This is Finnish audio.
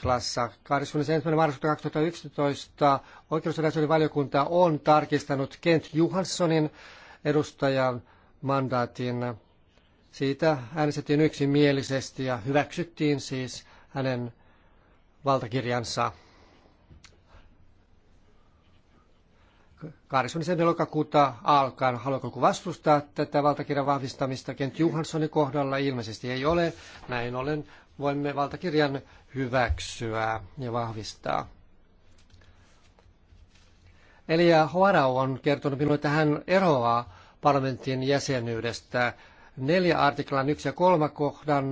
artiklassa 21. marraskuuta 2011 oikeusasioiden valiokunta on tarkistanut Kent Johanssonin edustajan mandaatin. Siitä äänestettiin yksimielisesti ja hyväksyttiin siis hänen valtakirjansa. 87. lokakuuta alkaen. Haluatko joku vastustaa tätä valtakirjan vahvistamista? Kent Johanssonin kohdalla ilmeisesti ei ole. Näin ollen voimme valtakirjan hyväksyä ja vahvistaa. Elia Hoarau on kertonut minulle, että hän eroaa parlamentin jäsenyydestä neljä artiklan yksi ja kolme kohdan